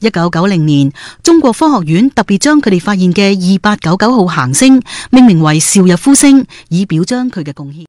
一九九零年，中國科學院特別將佢哋發現嘅二八九九號行星命名為邵逸夫星，以表彰佢嘅貢獻。